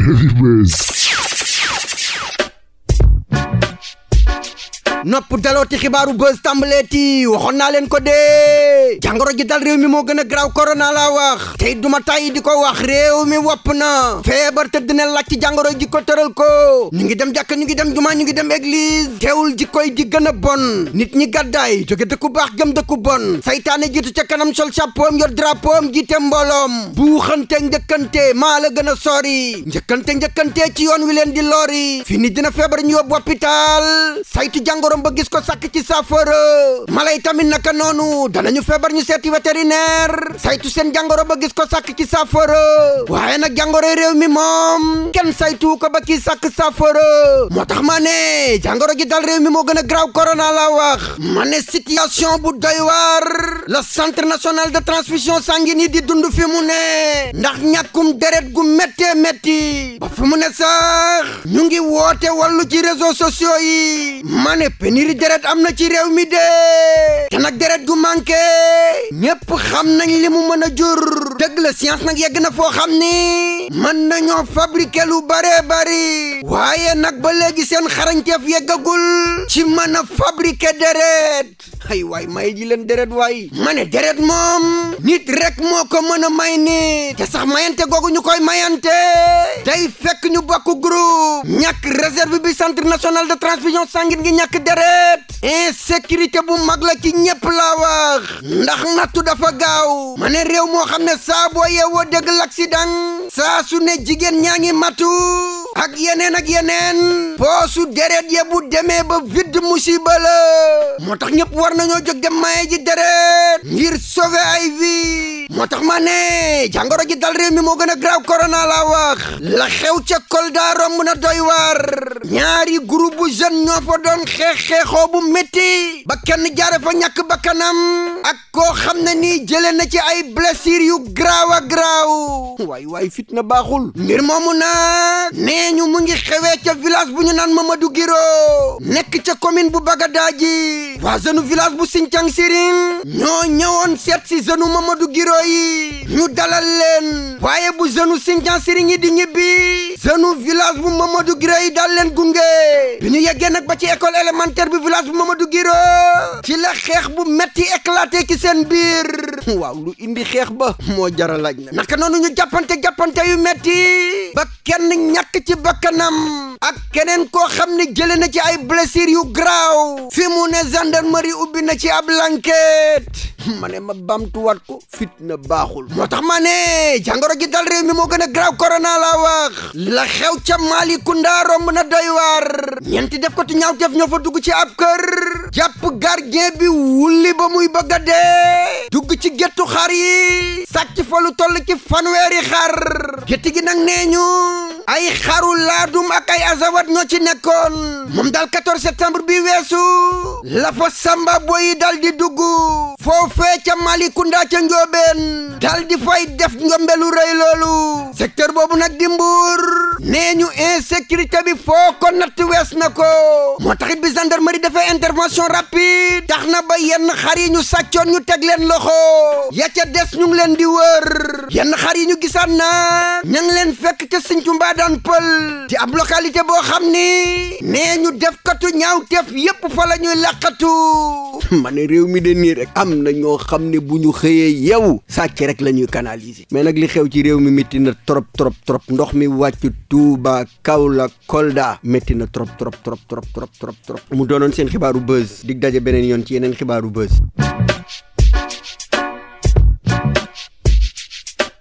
nopp dalooti xibaaru buzz tàmbaleeti waxoon naa leen ko dee jàngoro ji dal réew mi moo gën a garaaw korona laa wax tey duma tàyyi di ko wax réew mi wopp na feebar tëdd na laaj ci jàngoro ji ko tëral ko ñu ngi dem jàkk ñu ngi dem jumaa ñu ngi dem église teewul ji koy ji gën a bon nit ñi gàddaay jóge dëkku baax jëm dëkku bon saytaane jiitu ca kanam sol chapeau yor drapeau am jiite mbooloom buuxante njëkkante maa la gën a sori njëkkante njëkkante ci yoon wi leen di lori fi ni dina feebar ñu yóbbu hôpital saytu jàngoro ba gis ko sàkk ci saafara mala yi feebar ñu seeti vétérinaire saytu seen jàngoro ba gis ko sàkk ci saafara waaye nag jàngoro réew mi moom kenn saytu ko ba kii sàkk saafara moo tax ma ne jàngoro ji dal réew mi moo gën a graaw corona la wax ma ne bu doy waar le centre national de transfusion sanguine yi di dund fi mu ne ndax ñàkkum deret gu méttee metti ba fi mu ne sax ñu ngi woote wàllu ci réseaux sociaux yi ma ne deret am na ci réew mi de te deret gu manqué ñépp xam nañ li mu mën a jur dëgg la science nag yegg na foo xam ni mën nañoo fabriquer lu bare bari waaye nag ba léegi seen xarañteef yeggagul ci mën a fabriquer deret ay waay may ji leen deret waay ma ne deret moom nit rek moo ko mën a may nit te sax mayante googu ñu koy mayante day fekk ñu bokk groupe ñàkk réserve bi centre national de transfusion sanguine gi ñàkk deret insécurité eh, bu mag la ci ñëpp laa wax ndax nattu dafa gaaw ma ne réew moo xam ne saa boo yeewoo dégg l'accident saa su ne jigéen ñaa ngi matu ak yeneen ak yeneen poosu deret ya bu demee ba vide musiba la moo tax ñëpp war nañoo jóg dem maye ji deret ngir sauver ay vie moo tax ma ne jàngoro ji dal réew mi moo gën a grave corona laa wax la xew ca Kolda romb na doy waar ñaari groupe bu jeune ñoo fa doon xeex-xeexoo bu métti ba kenn jaare fa ñàkk ba ak koo xam na ni jëlee na ci ay blessure yu graaw a graaw waay waay fitna baaxul mbir moomu na ne nee ñu mu ngi xewee ca village bu ñu naan Mamadou Giro nekk ca commune bu Bagadaaji waa jeune village bu Sinthiang Sirin ñoo ñëwoon seet si jeune yi ñu dalal leen waaye bu jeune Sinthiang Sirin yi di ñibbi seenu village bu Mamadou Giré yi daal leen gunge bi ñu yeggee nag ba ci école élémentaire bi village bu Mamadou Giré ci la xeex bu metti éclaté ci seen biir waaw lu indi xeex ba moo jara laaj na naka noonu ñu jàppante jàppante yu metti ba kenn ñàkk ci bakkanam ak keneen koo xam ne jële na ci ay blessures yu graaw fi mu ne gendarmerie ubbi na ci ab enquête ma ne ma bamtuwaat ko fitna baaxul moo tax ma ne jàngoro ji dal réew mi moo gën a grave corona laa wax la xew ca Malicounda romb na day waar ñeenti def ko ti ñaaw def ñoo fa dugg ci ab kër jàpp gardien bi wulli ba muy bëgg dee dugg ci gettu xar yi sàcc fa lu toll ci fanweeri xar gétti gi nag nee ñu ay xaru laadum ak ay azawat ñoo ci nekkoon moom daal septembre bi weesu la fa samba boyi dal di dugg foofee ca Malicounda ca njoobeen dal di fay def njombelu rëy loolu secteur boobu nag di Mbour nee ñu insécurité bi foo ko natt wees na ko moo taxit bi gendarmerie dafay intervention rapide tax na ba yenn xar yi ñu sàccoon ñu teg leen loxo ya ca des ñu leen di wër yenn xar yi ñu gisaan na ña ngi leen fekk ca Sinthiou Mbadane Pël di ab localité boo xam ni nee ñu def katu ñaaw teef yëpp fa la ñuy làqatu ma ne réew mi de nii rek am na ñoo xam ne bu ñu xëyee yow sàcc rek la ñuy canaliser mais nag li xew ci réew mi métti na trop trop trop ndox mi wàcc Touba Kaolack Kolda metti na trop trop trop trop trop trop mu doonoon seen xibaaru buzz dig daje beneen yoon ci yeneen xibaaru buzz